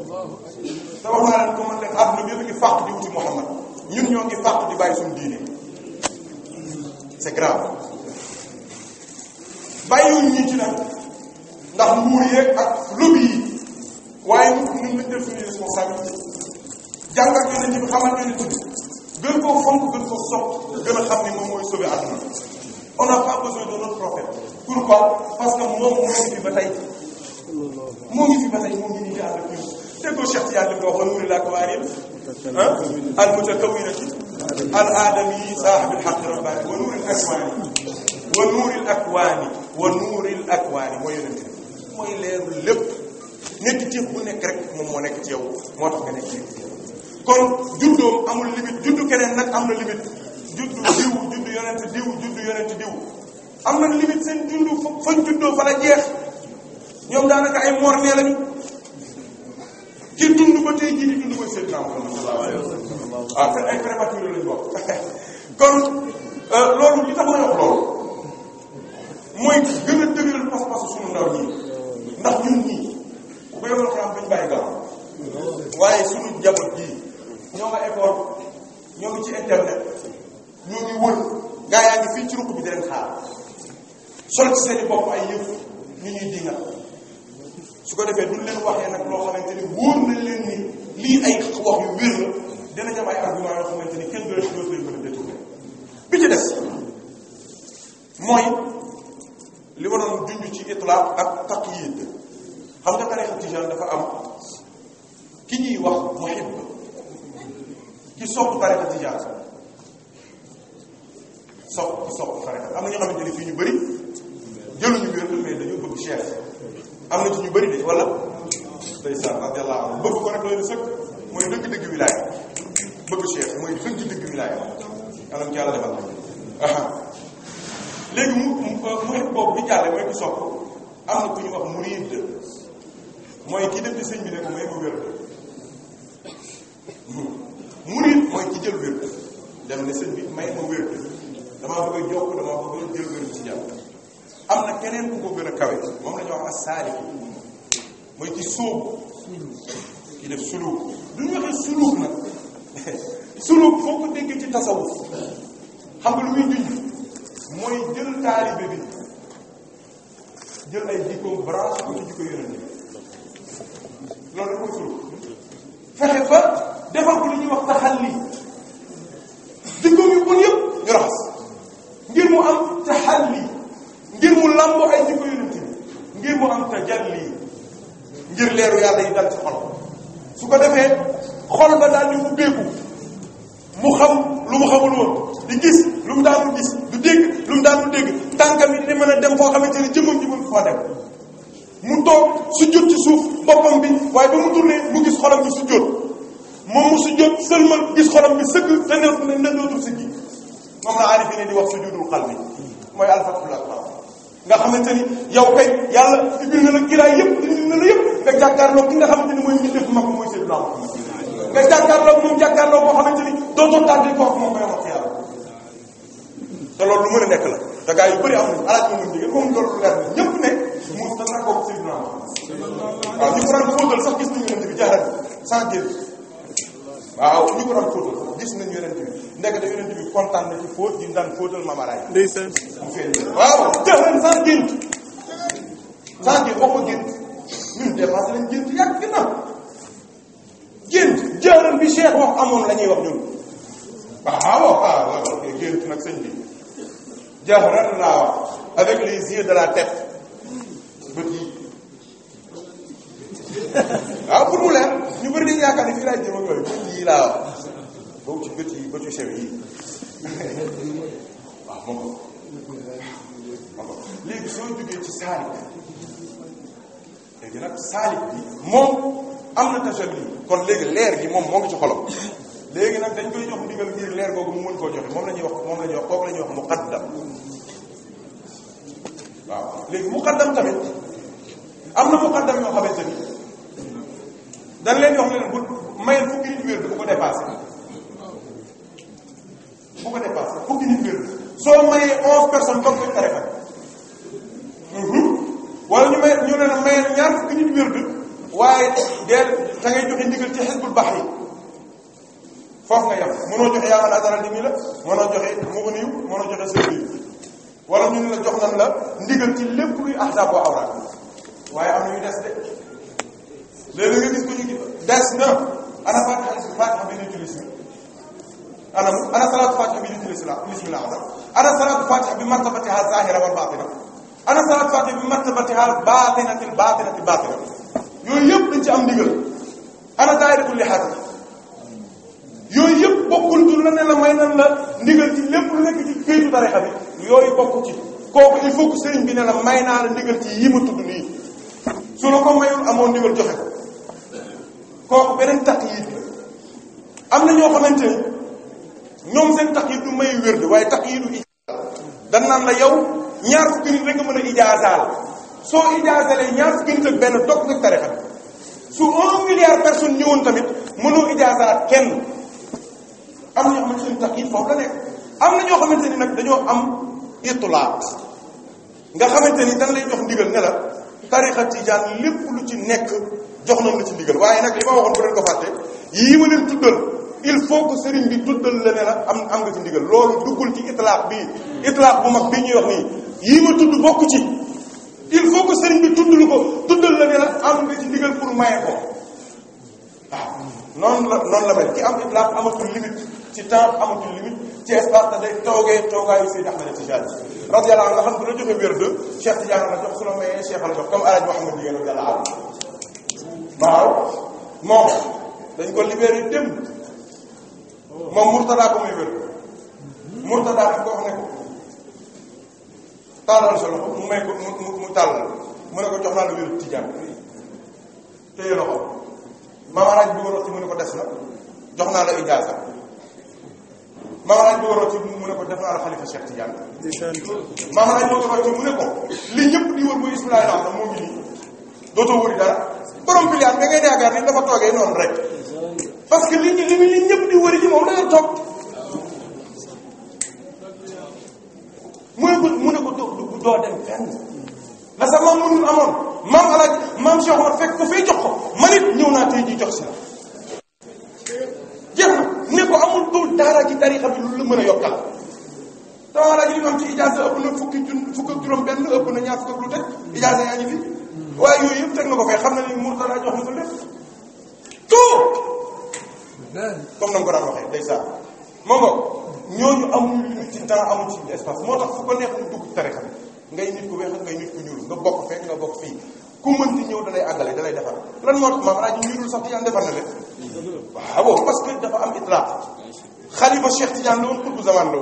te wax naa leen ko man leen àdduna bi yëpp ngi fàq di wuti Muhammad ñun ñoo ngi fàq def suñu responsabilité jàng ak yonent bi xamal yonent bi gën koo fonk gën koo sopp gën a xam ni moom mooy sauver àdduna on n'a pas besoin de notre prophète pourquoi parce que moom moo ngi fi ba tey moo ngi fi ba tey moo ngi nii avec ñun déggoo Cheikh Tidiane ko waxoon wuri laak waaril ah al mutakawinati al aadami saahibul haqq rabbani wa nuuril akwaani wa nuuril akwaani wa nuuril akwaani mooy yonent mooy leeru lépp nekk ci bu nekk rek moom moo nekk ci yow moo tax nga nekk ci kon juddoom amul limite juddu keneen nag am na limite juddu jiw yonent diw judd yonent diw am na limite seen dund fañ juddoo fa la jeex ñoom daanaka ay morne lañu ki dund ba tey jii di dund mooy Seydina Muhammad sallallahu alayhi wa sallam ah te euh, loolu li tax ma loolu mooy gën a dëgëral pas-pasu sunu ndaw ñi ndax ñun ñii ku ko yoral xalaat bañ bàyyi gaaw waaye sunu njaboot ji ñoo nga effort ci internet ñoo ngi wër gaa yaa ngi fii ci ruq bi di xaar sol ci seen bopp ay yëf ñu ñuy dinga su ko defee duñ leen waxee nag loo xamante ni wóor leen lii ay wax yu wér la dina jam ay argument yoo xamante ni kenn doole doole lañ mën a détourné bi ci des ma dafa am ki ñuy wax muhib sopp sopp farata am na ñoo xamante ne fii ñu bëri jëluñu wér mais bëgg cheikh am na ci ñu bari de wala ndeysaan radiyallahu anhu bëgg ko rek loolu sëkk mooy dëgg-dëgg wilaaya bëgg cheikh mooy dëgg-dëgg wilaaya anam euh, am na ku ñu wax murid mooy ki dem ci sëñ bi ne ko may ma wér murid mooy ki jël wér dem ne sëñ bi may ma wér damaa bëgg a jokk damaa bëgg a jël ci yàlla am na keneen ku ko gën a kawe moom la ñu wax asaalik mooy ci sóobu ki def suluk du ñu waxee suluk nag suluk foo ko dégg ci tasawuf xam nga lu muy junj mooy jël taalibe bi jël ay jikkoom branche ko ci jikko yonent loolu mooy suluk fexe ndeysaan waaw tëxan sans gént sans gént waxu gént ñun dépassé na bi cheikh wax amoon la ñuy wax ñun waaw waaw waaw nag sëñ bi jëran laa wax avec les de la tête am na tashabbi kon léegi leer gi moom moo ngi ci xolam léegi nag dañ koy jox ndigal ngir leer googu mu mën koo joxe moom la ñuy wax moom la ñuy wax kooku la ñuy wax muqaddam am na muqaddam yoo xamante ni dañ leen wax fukki nit wér bu ko dépassé bu ko dépassé fukki nit wér soo mayee onze personnes comme ko ñu pare mhm. wala ñu may ñu ne la mayal ñaar fukki nit wér waaye deel da ngay baax yi foofu nga yem mënoo joxe yàlla dara ni la mënoo joxe mu niw mënoo joxe sëriñ wala ñu ne la jox nañ la ndigal ci lépp waaye am na ñu des des na ana fatiha si fatiha bi ne julli si ana ana salaatu fatiha bi ne julli si la bismillah ana salaatu fatiha bi martabatiha zahira baatina ana salaatu fatiha bi martabatiha baatinatil yooyu yëpp dañ ci am ndigal ana daayiratul lixaat yi yooyu yëpp bokkul ci la ne la may nan la ndigal ci lépp lu nekk ci këyitu tarixa bi yooyu bokk ci kooku il faut que sëriñ bi ne la may naa la ndigal ci yi ma tudd nii su la ko mayul amoon ndigal joxe ko kooku beneen takk yi am na ñoo xamante ni ñoom seen takk yi du may wér waaye takk yi du ijaasa dañ naan la yow ñaar fukki nit rek a mën a ijaasaal soo ijaasalee ñaar fukki nit ak benn topp nga tarixa su un milliard personne woon tamit mënoo ijaasaat kenn am na ñoo xamante ne tax it foofu la nekk am na ñoo xamante ni nag dañoo am itulaat nga xamante ni dañ lay jox ndigal ne la tarixa tijaan lépp lu ci nekk jox nañ la ci ndigal waaye nag li ma waxoon bu leen ko fàtte yii ma leen tuddal il faut que sëriñ bi tuddal la ne am am nga ci ndigal loolu duggul ci itlaaq bi itlaaq bu mag bi ñ wax ci il faut que sëriñ bi tuddlu ko tuddal la ne la am nga ci ndigal pour maye ko waaw noonu la noonu la mel ki am iblaq amatul limite ci temps amatul limite ci espace da day toogee toogaayu Seydi Ahmed Tidiane radiyallahu anhu nga xam bu la joxe wér de Cheikh Tidiane la jox su la mayee Cheikh la jox comme El Hadj Mouhamed Ndiaye radiyallahu anhu waaw moom dañ ko libéré dem moom Mourtada ko muy wér Mourtada dañ ko taalal solo loxo mu may ko mu mu tàll la mu ne ko jox naa la wéru tijaan téye loxo ko des na jox naa la ijaaza maamalaaj bi waroon ci mu ne ko def naa la xalifa Cheikh Tidiane maamalaaj bi waroon ci mu ne ko li ñëpp di wër mooy ismilaahi rahma moo ngi nii dootoo wëri dara borom bi da ngay yaakaar ni dafa toogee noonu rek parce que li ñu li ñëpp di wëri ci moom da toog mu ne ko mu ne ko doo doo dem fenn la sa maam mënul amoon maam alaaj maam Cheikh Omar fekk ko fay jox ko man it ñëw naa tey jox si la jeex na ne ko amul dul dara ci tarixa a am ci ijaasa ëpp na fukki jun fukk juróom benn ëpp na ñaar fukk lu teg ijaasa yaa ngi fi waaye yooyu yëpp teg na ko fay xam na ni Murtala jox na ko lépp tout comme na ko daan waxee day saa moo ngoog ñooñu amuñu limite ci temps amuñu ci espace moo tax fu ko neex mu dugg ci tarixa bi ngay nit ku weex ngay nit ku ñuul nga bokk fekk nga bokk fii ku mënti ñëw dalay àggale dalay defar lan moo tax maam rajo ñuulul sax Tijaan defar na leen waaw parce que dafa am itlaq xalifa Cheikh Tijaan la woon pour bu zaman la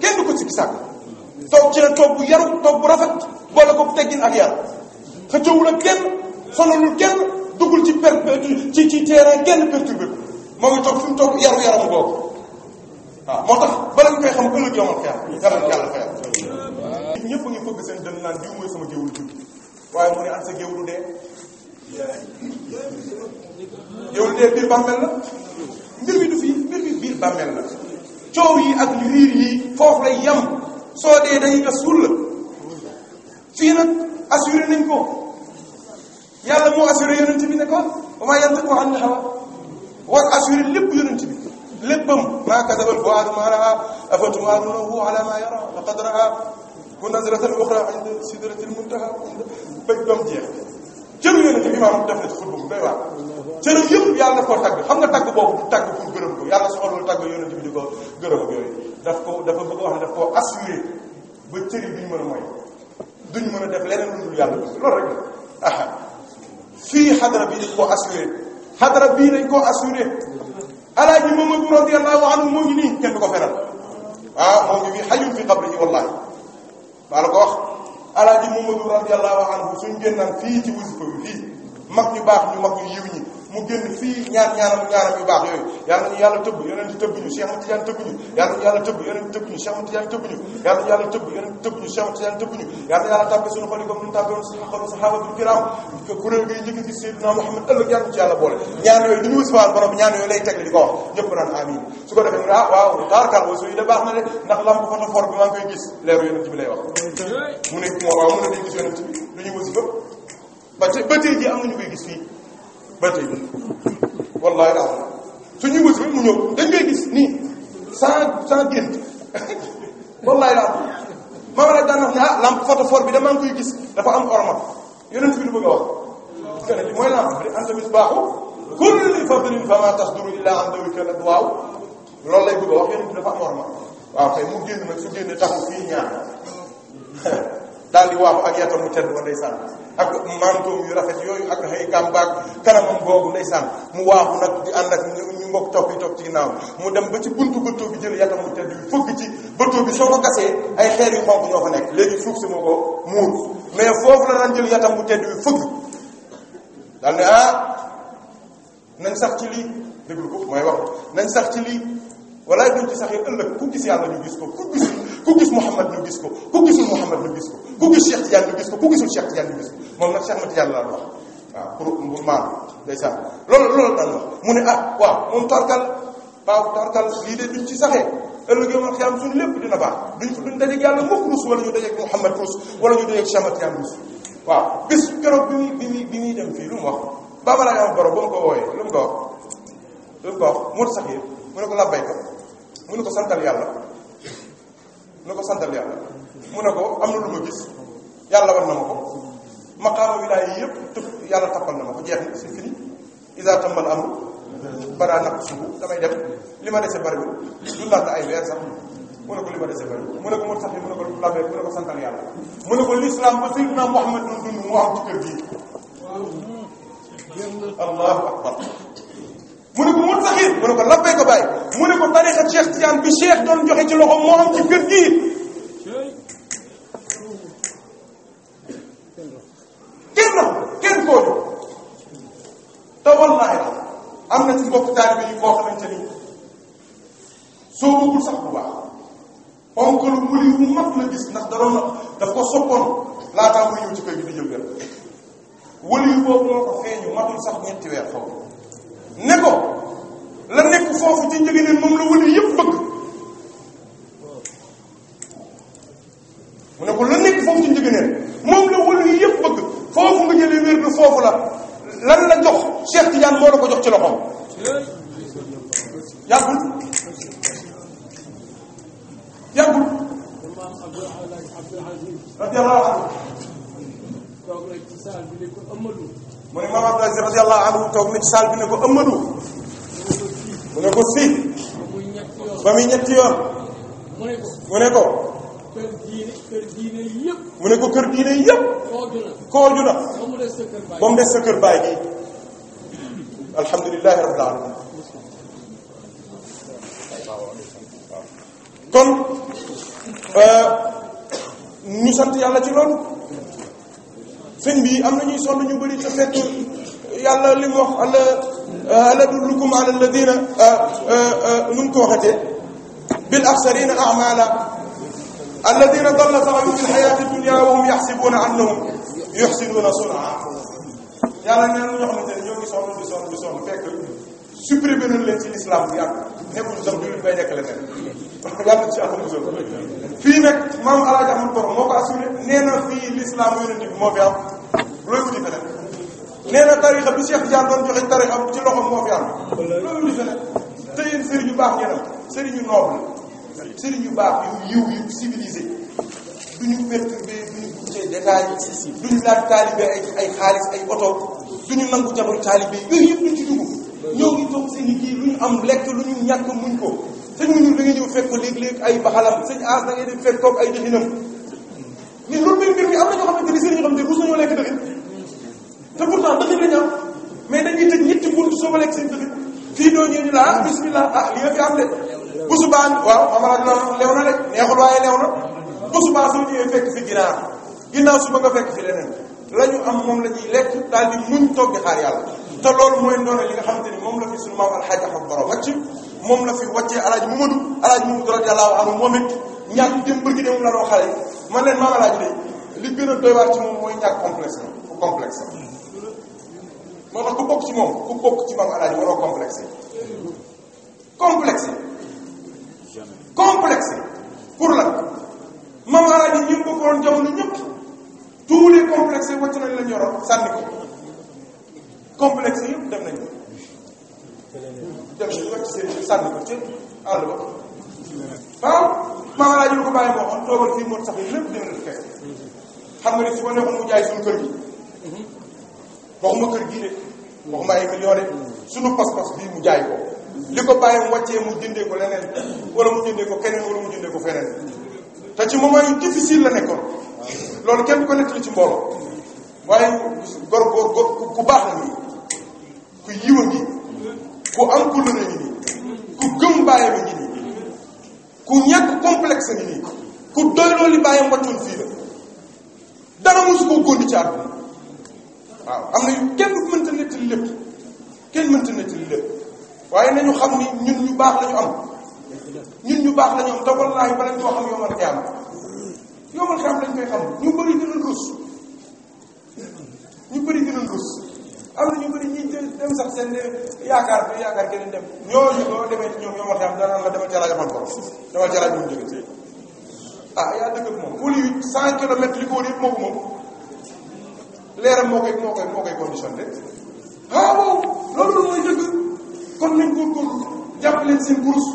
kenn du ko ci sàkk toog ci la toog bu yaru toog bu rafet boole ko teggin ak kenn ci per ci ci terrain kenn moo ngi toog fi mu toog yaru yaram boobu waaw ah, moo tax bala ñu koy xam ëllëg yomal xeer yàlla na yàlla xeer ñëpp a ngi fëgg seen dënn naan diw mooy sama géwlu jub waaye mu ne an sa géwlu dee géwlu dee biir bàmmeel la mbir la coow yi ak riir yi foofu lay yem soo dee dañu nga suul la fii nag nañ ko yàlla moo assuré yonent wa maa hawa war assuré lépp yonent bi léppam maa kasabal fuaadu maa raa afatumaaroonahu ala maa yara laqad raa mu nazratan uxra inda sidratil muntaha ba ba mu jeex cëru yéen a ngi imaam def na ci xutba bu doy waar cëru yëpp yàlla daf koo tàgg xam nga tàgg boobu tàgg pour gërëm ko yàlla soxalul tàgg yonent bi di ko gërëm ak yooyu daf ko dafa bëgg wax ne daf koo assuré ba cëri duñ mën a mooy duñ mën a def leneen lu dul yàlla loolu rek la ah fii xadara bii dañ koo assuré xadara bii dañ koo assuré alaaji Mamadu radiyallahu anhu moo ngi nii kenn du ko feral waaw ah, moo ngi nii xajul fi xabrihi wallahi maa la ko wax alaaji Mamadu radiyallahu anhu suñ génnaan fii ci wasifa bi fii mag ñu baax ñu mag ñu ñi mu génn fii ñaar ñaaram ñaaram yu baax yooyu yàlla ñu yàlla tëbb yonent tëbb ñu Cheikh Ahmed Tidiane ñu yàlla ñu ñu yàlla ñu ñu yàlla yàlla tàbbi suñu yàlla boole ñaan yooyu li ñu wasiwaal borom ñaan yooyu lay teg di ko ñu ah waaw taarkaal wasu yi da na de ndax lamb gis leeru ba tey wallahi daal suñuy wës rek mu ñëw dañ koy gis nii sans sans gént wallahi daal ma war a daan wax ne ah lampe photophore bi damaa ngi koy gis dafa am orma yeneen fi lu bëgg a wax. kene bi loolu lay bëgg a wax yeneen bi dafa am orma waaw kay mu génn nag su génne taxu fii ñaar daal di waaxu ak yatam mu tedd wa ndeysaan ak mantoom yu rafet yooyu ak xëy kàmbaak kanamam googu ndeysaan mu waaxu nag di ànd ak ñu mbokk topp topp ci ginnaaw mu dem ba ci buntu bëttoo bi jël yatam mu tedd bi fëgg ci bëttoo bi soo ko gasee ay xeer yu xonq ñoo fa nekk léegi suuf si moo ko muur mais foofu la daan jël yatam mu tedd bi fëgg daal ne ah nañ sax ci lii déglu ko mooy wax nañ sax ci lii walaay duñ ci sax yi ëllëg ku gis yàlla ñu gis ko ku gis ku gis Muhammad ñu gis ko ku gis ko ku gis Cheikh Tidiane gis ko ku gisul Cheikh Tidiane gis ko moom nag Cheikh Ahmad Tidiane laa wax waaw pour mu maal ndeysaan loolu loolu daan wax mu ne ah waaw moom lii de duñ ci saxee ëllëgee wax yàlla suñu li dina baax duñ duñ dajeeg yàlla mukk rus wala ñu dajeeg Mouhamad rus wala ñu dajeeg Cheikh Ahmad Tidiane rus waaw bis keroog bi muy bi muy bi muy dem fii lu mu wax baabalaay am borom ba mu ko wooyee lu mu ko wax lu mu ko la moo sax ko labbayka mu ne ko santal yàlla mu ko santal yàlla mu ne ko am na lu ma gis yàlla war na ma ko maqaama wilaaya yëpp tëf yàlla tappal na ma ko jeex na c'est fini isa tamal amul baraa naq subu damay dem li ma dese bariwul du laata ay weer sax mu ne ko li ma dese bariwul mu ne ko ko labee mu ne ko santal ko ba sayyidina Muhammad doon bàyyi mu ne ko tarixa Cheikh Tidiane bi Cheikh doon joxe ci loxo moo ci kër gii gis kenn koo jóg te wallaahi la am na ci mbokk taalibe yi koo xamante ni soo bëggul sax bu baax oncle muli mu mag gis ndax da doon daf ko soppoon laataa muy ñëw ci koy bi di jël wér wëliyu boobu moo ko feeñu matul sax ñetti weer xaw ne ci loxoom yàggul yàggul radiyallahu anhu toog na ci saal ko ëmmadu mu ne toog na ci bi ne ko ëmmadu mu ne ko si ba muy ñetti yoon mu ko kër diine kër diine ko kër diine yëpp kooju na ba mu des kër baay gi alhamdulilahi rabbil alamin kon euh, ñu sant yàlla ci loolu sëñ bi am na ñuy sonn ñu bëri te fekk yàlla li mu wax ala ala dullukum ala alladina euh, euh, nu ko waxatee bil axsarina amala alladina dalla sa'yuhum fi lxayaati dunya wa hum yaxsibuuna annahum yuxsinuuna sun'a yàlla neen ñoo xamante sonn di sonn fekk supprimer nañ leen ci islam bu yàgg nekkul sax jullit bay nekk leneen yàlla ci àll fii nag maam El Hadj Ahmed Boro moo ko assuré nee na fii l'islam yonent bi moo fi am looy wuti feneen nee na tarixa bi Cheikh Diagne doon joxe tarixa ci te yéen sëriñ yu baax ngeen am sëriñ yu noble sëriñ yu baax yu yiw yu civilisé duñu perturbé duñu dugg ci détail duñu laaj taalibe ay ay xaalis ay oto duñu nangu jabaru taalibe yooyu yëpp duñ ci dugg ñoo ngi toog seen i kii lu ñu am lekk lu ñu ñàkk muñ ko sëñ mu ñun da nga ñëw fekk ko léeg-léeg ay baxalam sëñ aas ah, da ngay dem fekk koog ay dëxinam mais loolu ba lekk seen dëxin fii doo ñëw ñu la ah, bismillah ah li nga fi am de bu subaa waaw amara na leew na de neexul waaye leew na bu subaa soo ñëwee fekk fi ginaar ginnaaw suba nga fekk fi leneen lañu am moom la ñuy lekk daal di muñ toog di yàlla te loolu mooy ndono li nga xamante ni moom la fi suñu maam alxaaj axam borom wàcc moom la fi wàccee alaaji Mamadu alaaji Mamadu radiyallahu anhu moom it ñàkk dém de démom la doo xale man leen maam alaaji de li gën a doy waar ci moom mooy ñàkk complexe ku complexe moo tax ku bokk ci moom ku bokk ci maam alaaji waroo complexe complexe complexe pour lan maam alaaji ñi mu bokkoon jamono ñëpp tous les complexes yi wàcc nañ la ñoroon sànni ko complexes yëpp dem nañ dem nañ wàcc seen sànni ko ci àll ba waaw ah, maama laa ko bàyyi moo xam toogal fii moo sax yi lépp dina la fekk xam nga ne su ma neexoon mu jaay suñu kër gi waxuma kër gi de waxuma ay million suñu pas-pas bii mu jaay ko li ko bàyyi mu wàccee mu jëndee ko leneen wala mu jëndee ko keneen wala mu jëndee ko feneen te ci moment yu difficile la nekkoon loolu kenn du ko nettali ci mbooloo waaye gor gor gor ku baax la nii ku yiw a ngi ku am ku lëna ngi nii ku gëm bàyyam ngi nii ku ñàkk complexe ngi nii ku doy loolu bàyyam fii la dara mosu koo góndi ci àdduna waaw am na yu kenn mënta nettali lépp kenn mënta nettali lépp waaye nañu xam ni ñun ñu baax lañu am ñun ñu baax lañu am te wallaahi ba lañ doo xam yomal qiyaama yomal xam lañ koy xam ñu bëri dinañ rus ñu bëri dinañ rus am na ñu bëri ñi dem sax seen yaakaar ba yaakaar keneen dem ñooñu boo demee ci ñoom yomal xam danaan la demal ca laaj amal borom demal ca laaj moom jóge ah yaa dëkk ak moom pôles yi cent kilomètres li ko wër moo ko moom leeram moo koy moo koy moo koy conditionné ah waaw loolu mooy dëgg kon nañ ko góorgóorlu jàpp leen seen kurus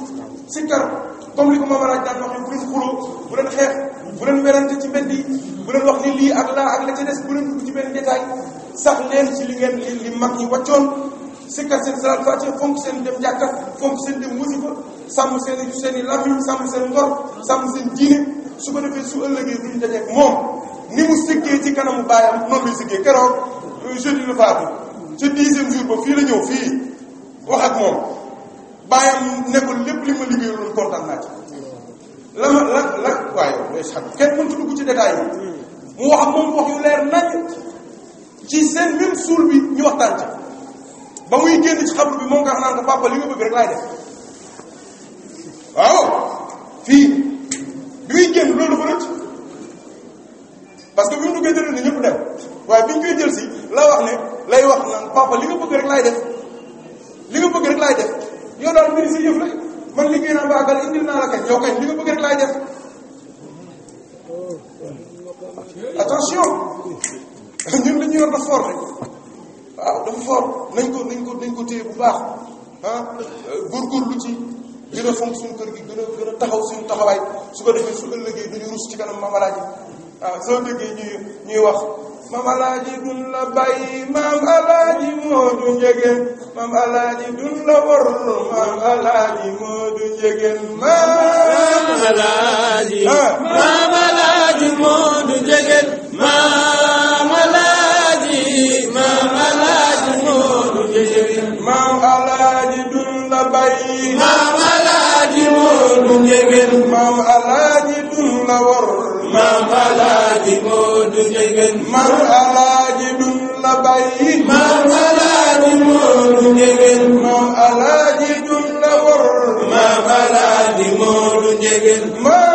si kar comme li ko daan wax ni bu leen bu leen xeex. bu leen werante ci mbedd yi bu leen wax ni lii ak laa ak la ca des bu leen dugg ci benn détail sax leen ci li ngeen li li mag ñi wàccoon sikkat seen salaat fàcce fonk seen dem jàkka fonk seen dem musiba sàmm seen i seen seen ngor sàmm seen diine su ko defee su ëllëgee bu ñu dajeek moom ni mu sikkee ci kanamu baayam noonu lay sikkee keroog euh, jeudi le faatu ca dixième jour ba fii la ñëw fii wax ak moom baayam nekkul lépp li ma liggéeyaloon kontaan naa ci la ma la la waaye kenn mënut a dugg ci détail yi. mu wax moom wax yu leer nañ ci seen même suul bi ñu waxtaan ci ba muy génn ci xabru bi moom xam naan ko papa li nga bëgg rek def waaw fii bi muy génn loolu dafa rëcc parce que bi mu duggee jëlee ni ñëpp dem waaye bi ñu koy jël si la wax ne lay wax naan papa li nga bëgg def li nga bëgg def yow daal mbiri si yëf rek. man liggéey naa ba àggal indil naa la kañ yow kañ li nga bëgg rek laay def attention ñun dañu yor dafa fort rek waaw dafa fort nañ ko nañ ko nañ ko téye bu baax góor ah góorgóorlu ci gën a fonk suñu kër gi gën a gën a taxaw suñu taxawaay su ko defee su ëllëgee duñu rus ci kanam mamalaaji waaw soo déggee ñuy ñuy wax mam alaaji dun la bàyyi mam alaaji moodu njegen mam alaaji dun la worlu mam alaaji moodu njegen mam alaaji mam alaaji moodu njegen mam alaaji mam alaaji moodu njegen mam alaaji dun la bàyyi mam alaaji moodu njegen mam alaaji dun la worlu maam alaaji moo du njëgën maam alaaji du la bàyyi maam alaaji moo du njëgën maam alaaji du la wor